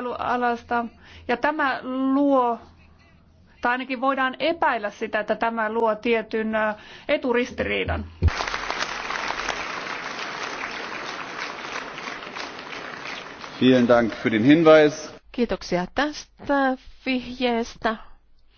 matkailualasta. Ja tämä luo, tai ainakin voidaan epäillä sitä, että tämä luo tietyn eturistiriidan. Vielen Dank für den Hinweis. Kiitoksia tästä vihjeestä.